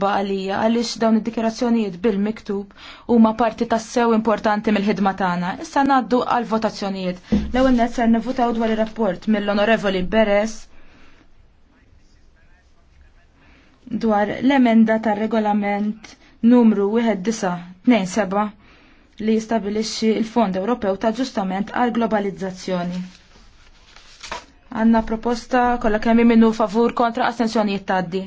baqalija għaliex dawn id-dikjerazzjonijiet bil-miktub huma parti tassew importanti mill-ħidma tagħna. Issa ngħaddu għal votazzjonijiet. L-ewwel net ser nivvutaw dwar ir-rapport mill-Onorevoli Beres dwar l-emenda tar-regolament numru 1927 li jistabilixxi il-Fond Ewropew ta' ġustament għal globalizzazzjoni. Għanna proposta kollha kemm minnu favur kontra astensjonijiet tgħaddi.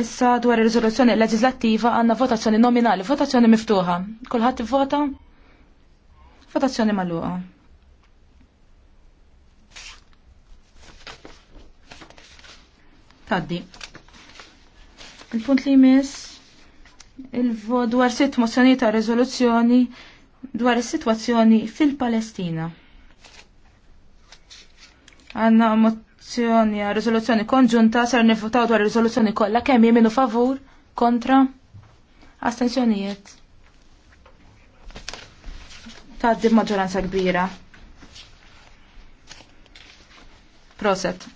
Issa dwar ir-riżoluzzjoni leġislattiva għandna votazzjoni nominali, votazzjoni miftuħa. Kulħadd ivvota? Votazzjoni magħluqa. Taddi. Il-punt li jmiss il-vot dwar sitt mozzjoni ta' rezoluzzjoni dwar is-sitwazzjoni fil-Palestina. Għanna Azzjoni għal eh, konġunta sar nifutaw dwar riżoluzzjoni kollha kemm jeminu favur, kontra, astensjonijiet. Tgħaddi maġoranza kbira. Proset.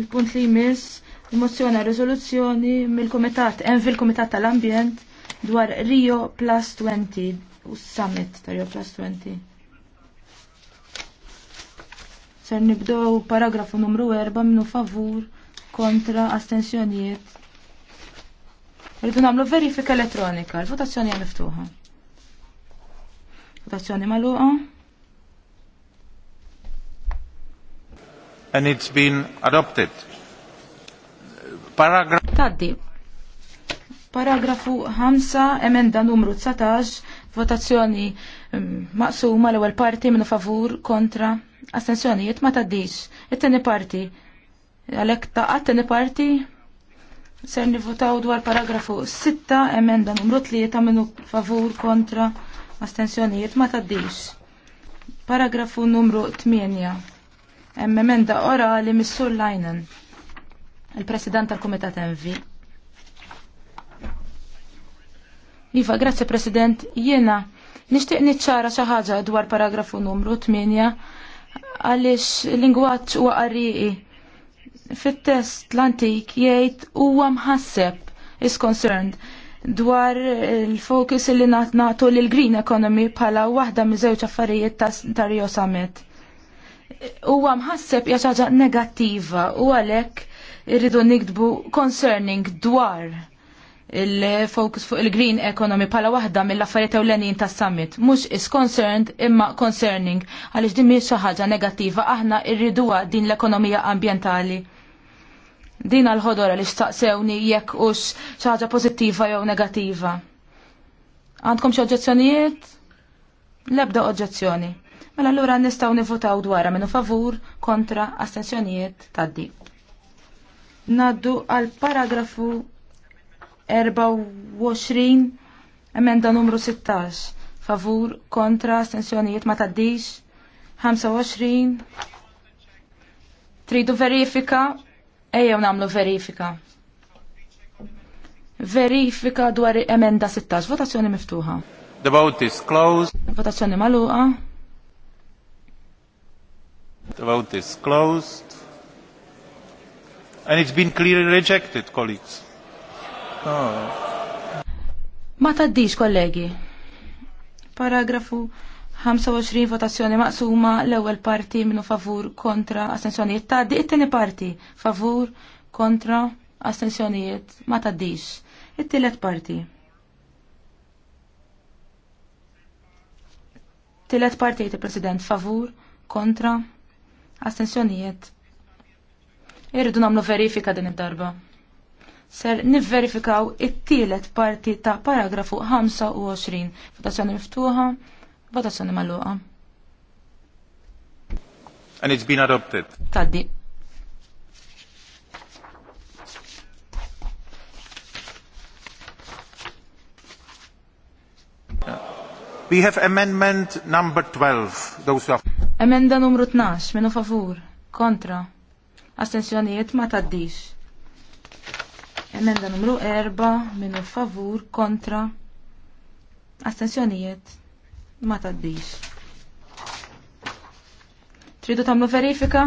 il-punt li jmiss il-mozzjoni għal riżoluzzjoni mill-Kumitat hemm fil-Kumitat tal-Ambjent dwar Rio Plus 20 u Summit ta' Rio Plus 20 fejn nibdow paragrafu numru 4 minnu favur kontra astensjonijiet. Rridu nagħmlu verifika elettronika, l-votazzjoni hija miftuħa. Votazzjoni magħluqa. And it's been adopted. Paragraf Taddi. Paragrafu 5, emenda numru 19, Votazzjoni mm, maqsuma l-ewwel parti minnu favur kontra astensjonijiet ma taddix. It-tieni parti għalhekk taqgħat tieni parti ser nivvotaw dwar paragrafu 6 emenda numru 3 minnu favur kontra astensjonijiet ma taddix. Paragrafu numru 8. Emenda orali mis-sur Lajnen, il-President tal-Kumitat Envi. Iva, grazie President, jiena nixtieq niċċara xi ħaġa dwar paragrafu numru 8 għaliex lingwaġġ huwa qarriqi. Fit-test l-antik jgħid huwa mħasseb is concerned dwar il-fokus li nagħtu l green economy bħala waħda miż-żewġ affarijiet ta' Rio Summit. Huwa mħasseb hija negativa negattiva u għalhekk irridu nikdbu concerning dwar il-focus fuq il-green economy pala waħda mill-affarijiet ewlenin tas summit mhux is concerned imma concerning għaliex din mhix xi ħaġa negattiva aħna rriduha din l-ekonomija ambjentali. Din għal-ħodora li xtaqsewni jekk hux xi ħaġa pożittiva jew negattiva. Għandkom xi oġġezzjonijiet? L-ebda oġġezzjoni. Mela allura nistgħu nivutaw dwarha minnu favur kontra astensjonijiet tad-dik. Naddu għal paragrafu 24 emenda numru 16 favur kontra stensjonijiet ma taddix 25 tridu verifika ejjew namlu verifika verifika dwar emenda 16 votazzjoni miftuħa The vote is closed. Votazzjoni maluqa. The vote is closed. And it's been clearly rejected, colleagues. Ma taddix, kollegi. Paragrafu 25 votazzjoni maqsuma l-ewwel parti minnu favur kontra astensjonijiet di it-tieni parti favur kontra astensjonijiet ma taddix. It-tielet parti. Tillet parti jgħid president favur kontra astensjonijiet. Irridu nagħmlu verifika din id-darba ser nifverifikaw it-tielet parti ta' paragrafu 25. Votazzjoni miftuħa, votazzjoni magħluqa. And it's been adopted. Taddi. We have amendment number 12. Those who have... Emenda numru 12, minu favur, kontra. Astensjonijiet ma taddix. Emenda numru 4 minu favur kontra astensjonijiet ma taddix. Tridu tamlu verifika?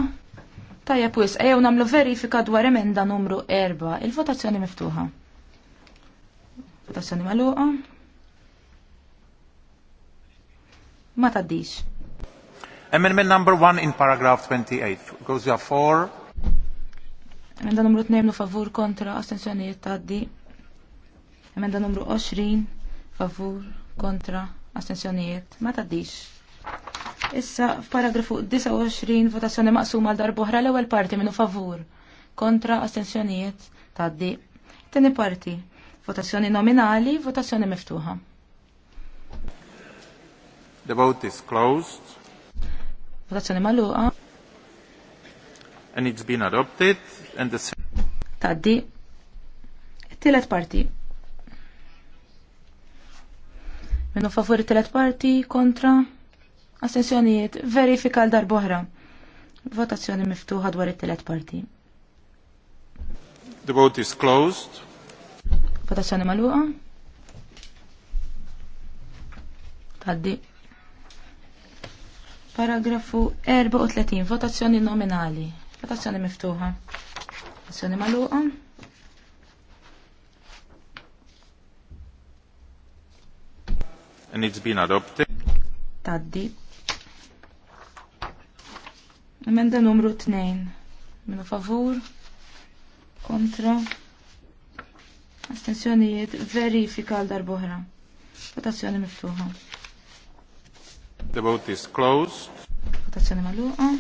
Tajja pwis, ejew namlu verifika dwar emenda numru 4. Il-votazzjoni miftuħa. Votazzjoni maluqa. Ma taddix. Amendment number 1 in paragraph 28. Goes for Emenda numru 2 favur kontra astensjonijiet taddi. Emenda numru 20 favur kontra astensjonijiet ma taddix. Issa f'paragrafu 29 votazzjoni maqsuma għal darbohra l-ewwel parti minnu favur kontra astensjonijiet taddi. Tini parti votazzjoni nominali, votazzjoni miftuħa. The vote is closed. Votazzjoni magħluqa and it's been adopted and the Taddi. Tillet parti. Minu tillet parti kontra astensjonijiet verifika l darboħra. Votazzjoni miftuħa dwar it-tillet parti. The vote is closed. Votazzjoni maluqa. Taddi. Paragrafu 34, votazzjoni nominali. Votazzjoni miftuħa. Votazzjoni maluqa. And it's been adopted. Taddi. Emenda numru 2. Minu favur. Kontra. Astensjonijiet verifika għal darbohra. Votazzjoni miftuħa. The vote is closed. Votazzjoni maluqa.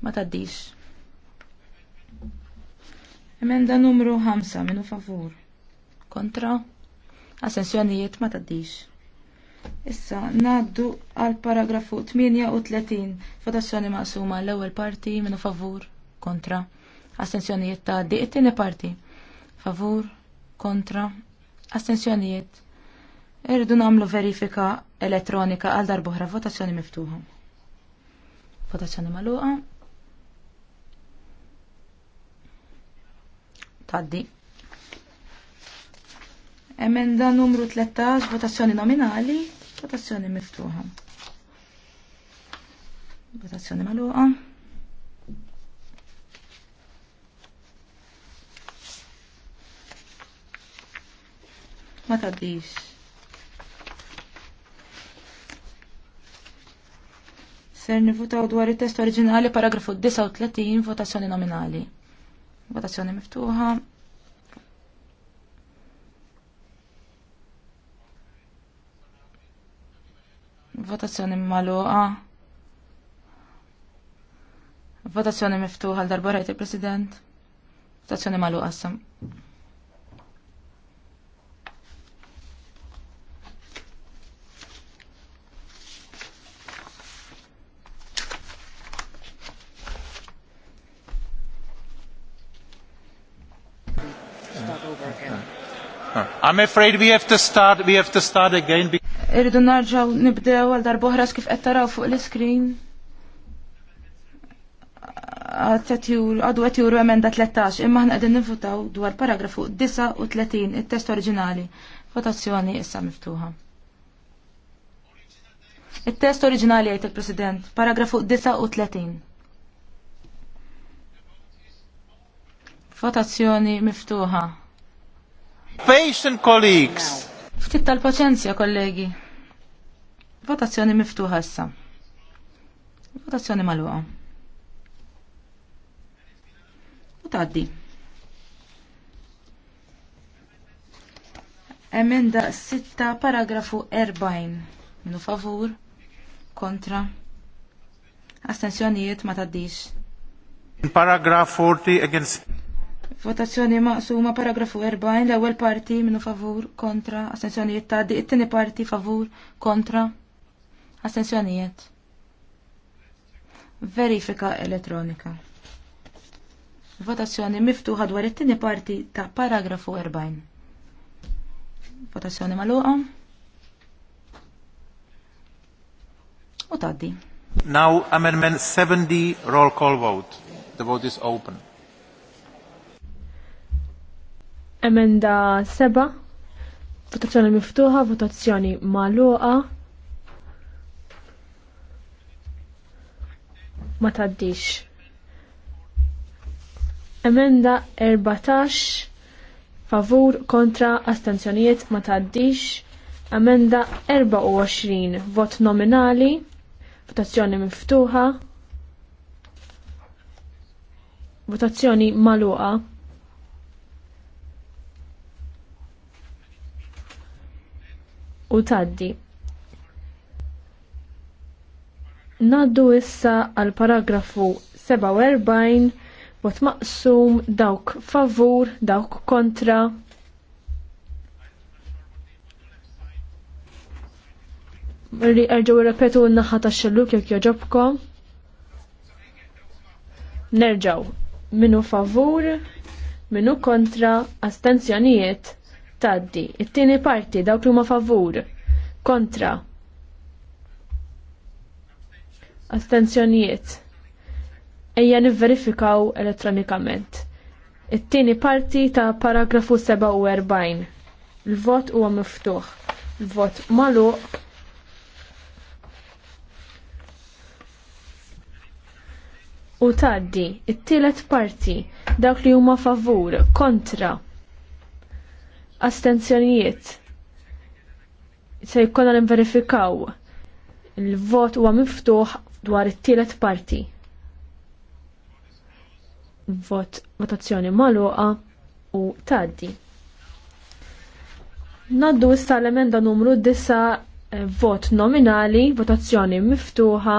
ma taddix. Emenda numru 5 minu favur. Kontra. Assenzjonijiet ma taddix. Issa naddu għal paragrafu 38 votazzjoni maqsuma l-ewwel parti minu favur. Kontra. Assenzjonijiet ta' di it-tieni parti. Favur. Kontra. Assenzjonijiet. Irridu namlu verifika elettronika għal darbohra votazzjoni miftuħa. Votazzjoni maluqa. taddi. Emenda numru 13, votazzjoni nominali, votazzjoni miftuħa. Votazzjoni maluqa. Ma tgħaddix. Ser nivutaw dwar it-test oriġinali paragrafu 39 votazzjoni nominali. Votazzjoni miftuħa. Votazzjoni maluqa. Votazzjoni miftuħa l-darba il-President. Votazzjoni maluqa sam. I'm afraid we have to start, we have to start again. Irridu narġaw nibdew għal darbohra kif qed taraw fuq l-iskrin. Għadu għet juru emenda 13, imma ħna għedin nifutaw dwar paragrafu 39, il-test oriġinali. Votazzjoni issa miftuħa. Il-test oriġinali għajt il-President, paragrafu 39. Votazzjoni miftuħa. Patient colleagues. Ftit tal-paċenzja, kollegi. Votazzjoni miftuħa issa. Votazzjoni maluqa. U tgħaddi. Emenda 6 paragrafu 40. Minu favur, kontra, Astenzjonijiet ma taddix. In Paragraf 40 against Votazzjoni maqsuma paragrafu 40 l-ewwel parti minnu favur kontra astensjonijiet ta' di it-tieni parti favur kontra astensjonijiet. Verifika elettronika. Votazzjoni miftuħa dwar it-tieni parti ta' paragrafu 40. Votazzjoni magħluqa. U taddi. Now amendment 70 roll call vote. The vote is open. Emenda seba' votazzjoni miftuħa, votazzjoni magħluqa. Ma taddix. Emenda 14 favur kontra astenzjonijiet ma taddix. Emenda 24 vot nominali, votazzjoni miftuħa, votazzjoni maluqa. u taddi. Naddu issa għal paragrafu 47 bot maqsum dawk favur, dawk kontra. Erġaw repetu n-naħa ta' xelluk jek joġobkom. Nerġaw, minu favur, minu kontra, astenzjonijiet taddi. It-tieni parti dawk li huma favur kontra astenzjonijiet. Ejja nivverifikaw elettronikament. It-tieni parti ta' paragrafu 47. Il-vot huwa miftuħ. Il-vot magħluq u tgħaddi it-tielet parti dawk li huma favur kontra astenzjonijiet se jkollna nverifikaw il-vot huwa miftuħ dwar it-tielet parti. Vot votazzjoni magħluqa u tgħaddi. Naddu issa l-emenda numru 9 eh, vot nominali, votazzjoni miftuħa,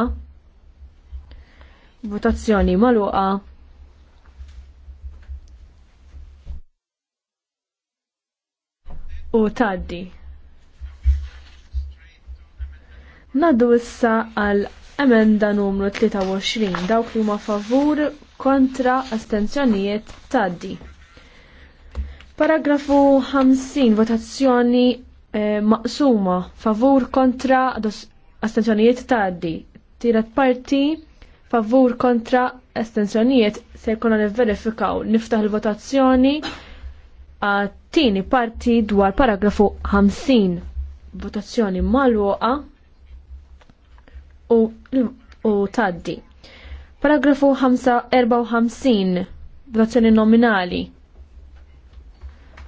votazzjoni magħluqa. u taddi. Naddu issa għal emenda numru 23 dawk li huma favur kontra astenzjonijiet taddi. Paragrafu 50 votazzjoni eh, maqsuma favur kontra astenzjonijiet taddi. Tirat parti favur kontra estensjonijiet se jkollna nivverifikaw niftaħ il-votazzjoni għat Tini parti dwar paragrafu 50 votazzjoni mal-woqa u, u taddi. Paragrafu 54 votazzjoni nominali.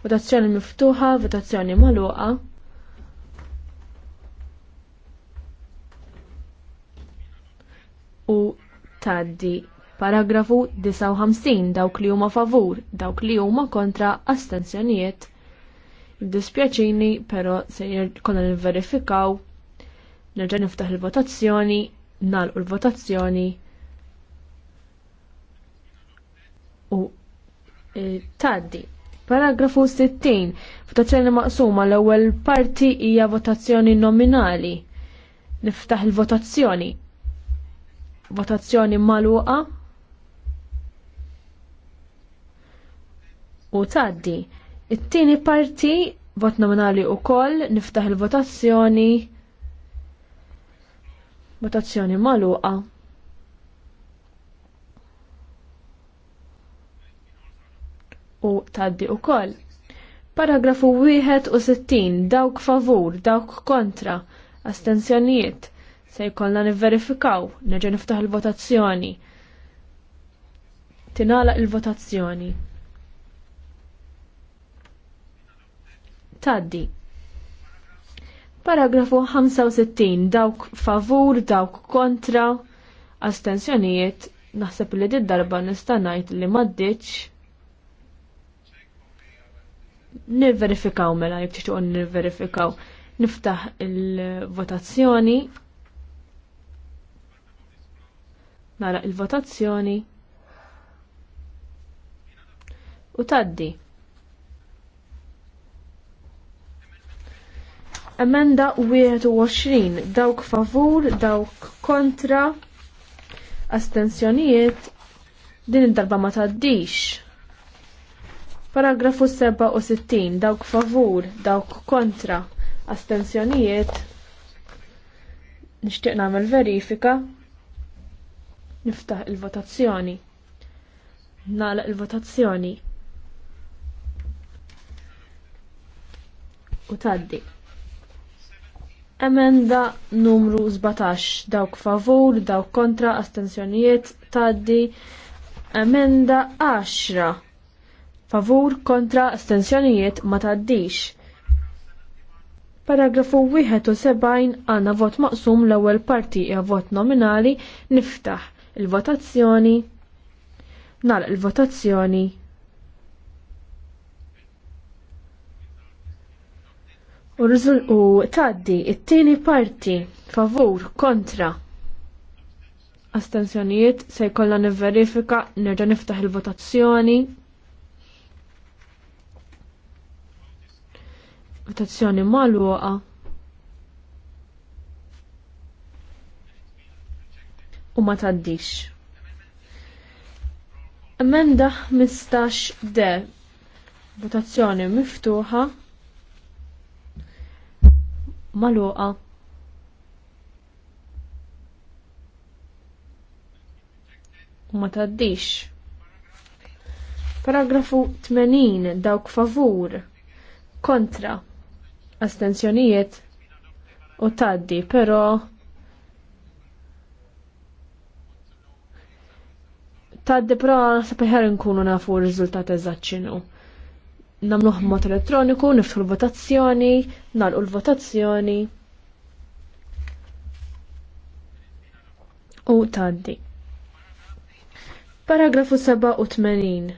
Votazzjoni miftuħa, votazzjoni maluqa. U taddi Paragrafu 59 dawk li huma favur, dawk li huma kontra astenzjonijiet. Dispjaċini, pero se konna nivverifikaw verifikaw nerġa' niftaħ il-votazzjoni, nalqu l-votazzjoni u e, taddi. Paragrafu 60. Votazzjoni maqsuma l-ewwel parti hija votazzjoni nominali. Niftaħ il-votazzjoni. Votazzjoni maluqa. u tgħaddi. It-tieni parti vot nominali u koll, niftaħ il-votazzjoni. Votazzjoni maluqa. U taddi u koll. Paragrafu 61, dawk favur, dawk kontra, astenzjonijiet, se jkollna nivverifikaw, neġa niftaħ il-votazzjoni. Tinala il-votazzjoni. taddi. Paragrafu 65 dawk favur, dawk kontra, astensjonijiet, naħseb li did darba nista' ngħid li maddiċ. Nivverifikaw mela jekk tixtuq nivverifikaw. Niftaħ il-votazzjoni. Nara il-votazzjoni. U taddi. Emenda 21, dawk favur, dawk kontra, astensjonijiet, din id-darba ma taddix. Paragrafu 67, dawk favur, dawk kontra, astensjonijiet, nishtiq namel verifika, niftaħ il-votazzjoni, nalaq il-votazzjoni, u taddi. Emenda numru 17, dawk favur, dawk kontra, astensjonijiet, taddi. Emenda 10, favur, kontra, astensjonijiet, ma taddix. Paragrafu 71 għanna vot maqsum l ewwel parti hija vot nominali niftaħ il-votazzjoni. Nal il-votazzjoni. u taddi it-tieni parti favur kontra astensjonijiet se jkollha nivverifika nerġa' niftaħ il-votazzjoni. Votazzjoni magħluqa. U ma taddix. Emenda 15 de. Votazzjoni miftuħa maluqa. U ma taddix. Paragrafu 80 dawk favur kontra astenzjonijiet u taddi, però taddi però sabiħar nkunu nafu r-riżultat eżatt x'inhu namluħ mod elettroniku, niftħu l-votazzjoni, nalqu l-votazzjoni. U taddi. Paragrafu 87.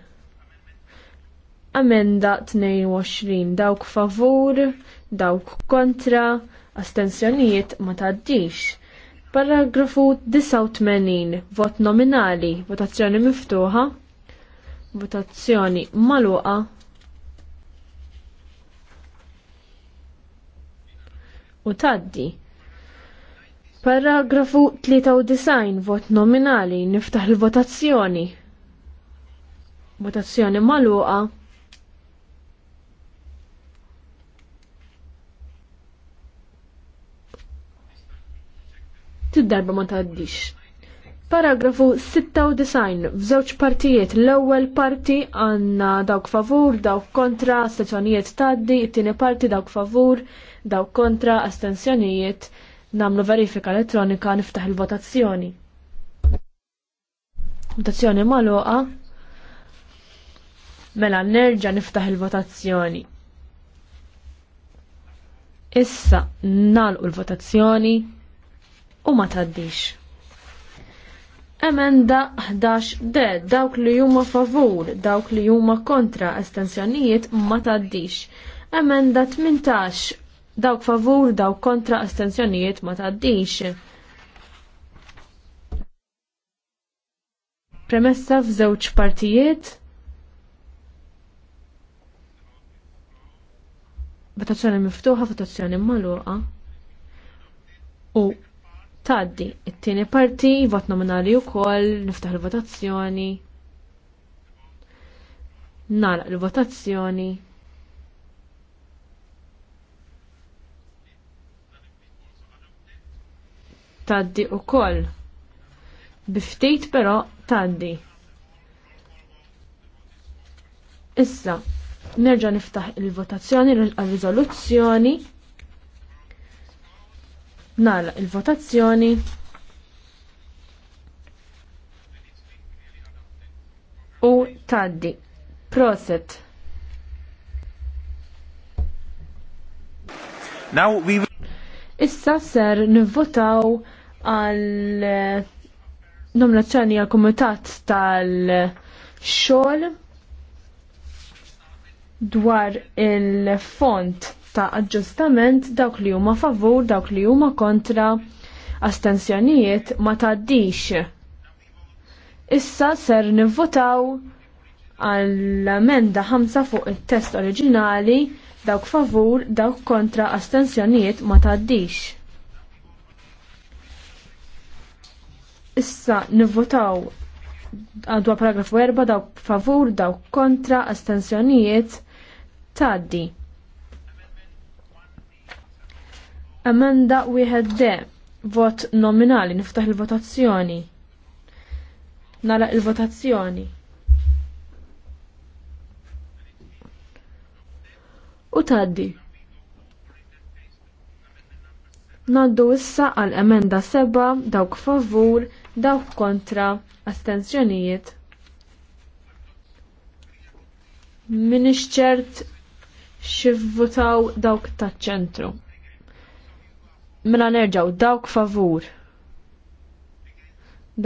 Amenda 22. Dawk favur, dawk kontra, astensjonijiet ma taddix. Paragrafu 89. Vot nominali, votazzjoni miftuħa, votazzjoni maluqa. u taddi. Paragrafu 93 vot nominali niftaħ il-votazzjoni. Votazzjoni maluqa. Tid-darba ma taddix. Paragrafu 96 f'żewġ partijiet l-ewwel parti għandna dawk favur, dawk kontra, sezzjonijiet taddi, it-tieni parti dawk favur, daw kontra astensjonijiet namlu verifika elettronika niftaħ il-votazzjoni. Votazzjoni maluqa mela nerġa niftaħ il-votazzjoni. Issa nalqu l-votazzjoni u ma taddix. Emenda 11 d dawk li huma favur, dawk li huma kontra estensjonijiet ma taddix. Emenda 18 Dawk favur, dawk kontra astenzjonijiet ma taddix. Premessa f'żewġ partijiet. Votazzjoni miftuħa, votazzjoni maluqa. U taddi, it-tieni parti, vot nominali wkoll, niftaħ il-votazzjoni. Nara il-votazzjoni. taddi u koll. Biftit però taddi. Issa, nerġa niftaħ il-votazzjoni l rizoluzzjoni Nala il-votazzjoni. U taddi. Proset. Now we Issa ser nivvotaw għal eh, nominazzjoni għal komitat tal-xogħol dwar il-font ta' aġġustament dawk li huma favur, dawk li huma kontra astensjonijiet ma taddix. Issa ser nivvotaw għall-amenda 5 fuq it-test oriġinali dawk favur, dawk kontra astensjonijiet ma tgħaddix. Issa nivvotaw għadwa paragrafu 4 daw favur, daw kontra, astensjonijiet taddi. Amenda wieħed de vot nominali niftaħ il-votazzjoni. Nara il-votazzjoni. U taddi. Naddu issa għal emenda seba dawk favur dawk kontra astenzjonijiet. min ċert xivvutaw dawk taċ ċentru. Mela nerġaw dawk favur.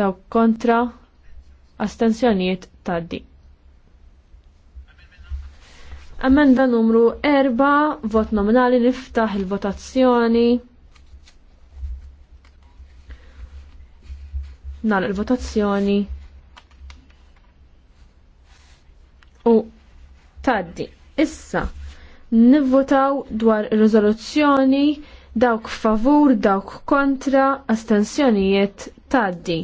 Dawk kontra astenzjonijiet taddi. Amenda numru 4, vot nominali niftaħ il-votazzjoni. nal il-votazzjoni u taddi. Issa nivvotaw dwar riżoluzzjoni dawk favur, dawk kontra, astensjonijiet taddi.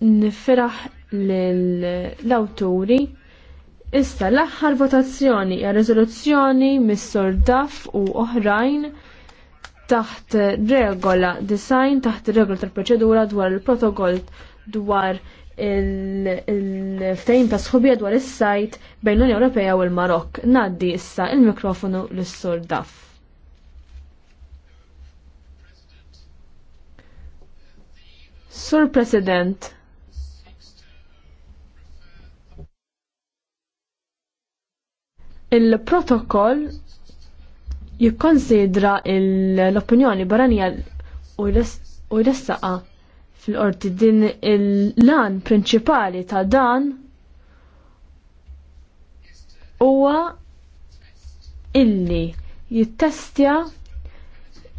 nifraħ l-awturi. Issa l-aħħar votazzjoni ja riżoluzzjoni mis-sordaf u oħrajn taħt regola design, taħt regola tal-proċedura dwar il-protokoll dwar il-ftejn ta' sħubija dwar is-sajt bejn l-Unjoni Ewropea u l-Marok. Naddi issa il-mikrofonu lis-Sur Daf. Sur President, il-protokoll jikkonsidra l-opinjoni barranija u jressaqa fil-qorti din il-lan prinċipali ta' dan huwa illi jittestja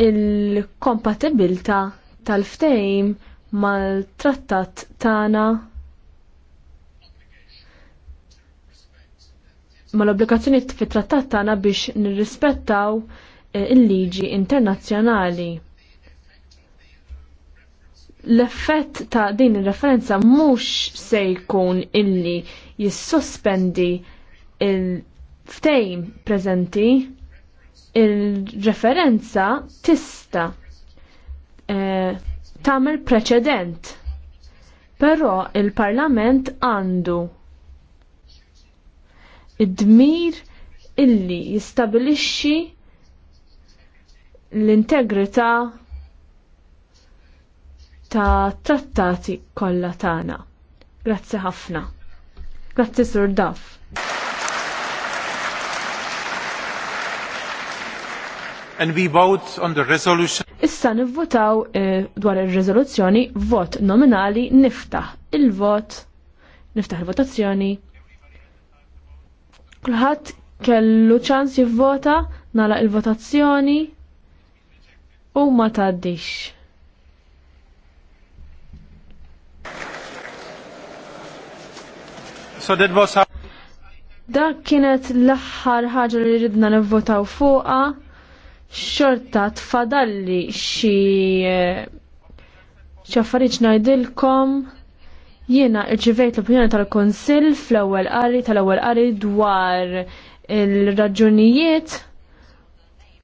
il-kompatibilta tal-ftejm mal-trattat tana ma l-obbligazzjoni fit-trattat tagħna biex nirrispettaw eh, il-liġi internazzjonali. L-effett ta' din ir-referenza mhux se jkun illi jissospendi il-ftejm preżenti il-referenza tista' eh, tagħmel preċedent. Però il-Parlament għandu id-dmir illi jistabilixxi l-integrità ta' trattati kollha tagħna. Grazzi ħafna. Grazzi Sur Daf. And we vote on the resolution. Issa nivvotaw eh, dwar ir-riżoluzzjoni vot nominali niftaħ il-vot niftaħ il-votazzjoni. Kulħadd kellu ċans jivvota nagħlaq il-votazzjoni u ma tgħaddix. So did was how Dak kienet l-aħħar ħaġa li ridna nivvotaw fuqha xorta tfadalli xi eh, affarijiet ngħidilkom. Jiena irċivejt l-opinjoni tal-Konsil fl-ewwel qari tal-ewwel qari dwar il-raġunijiet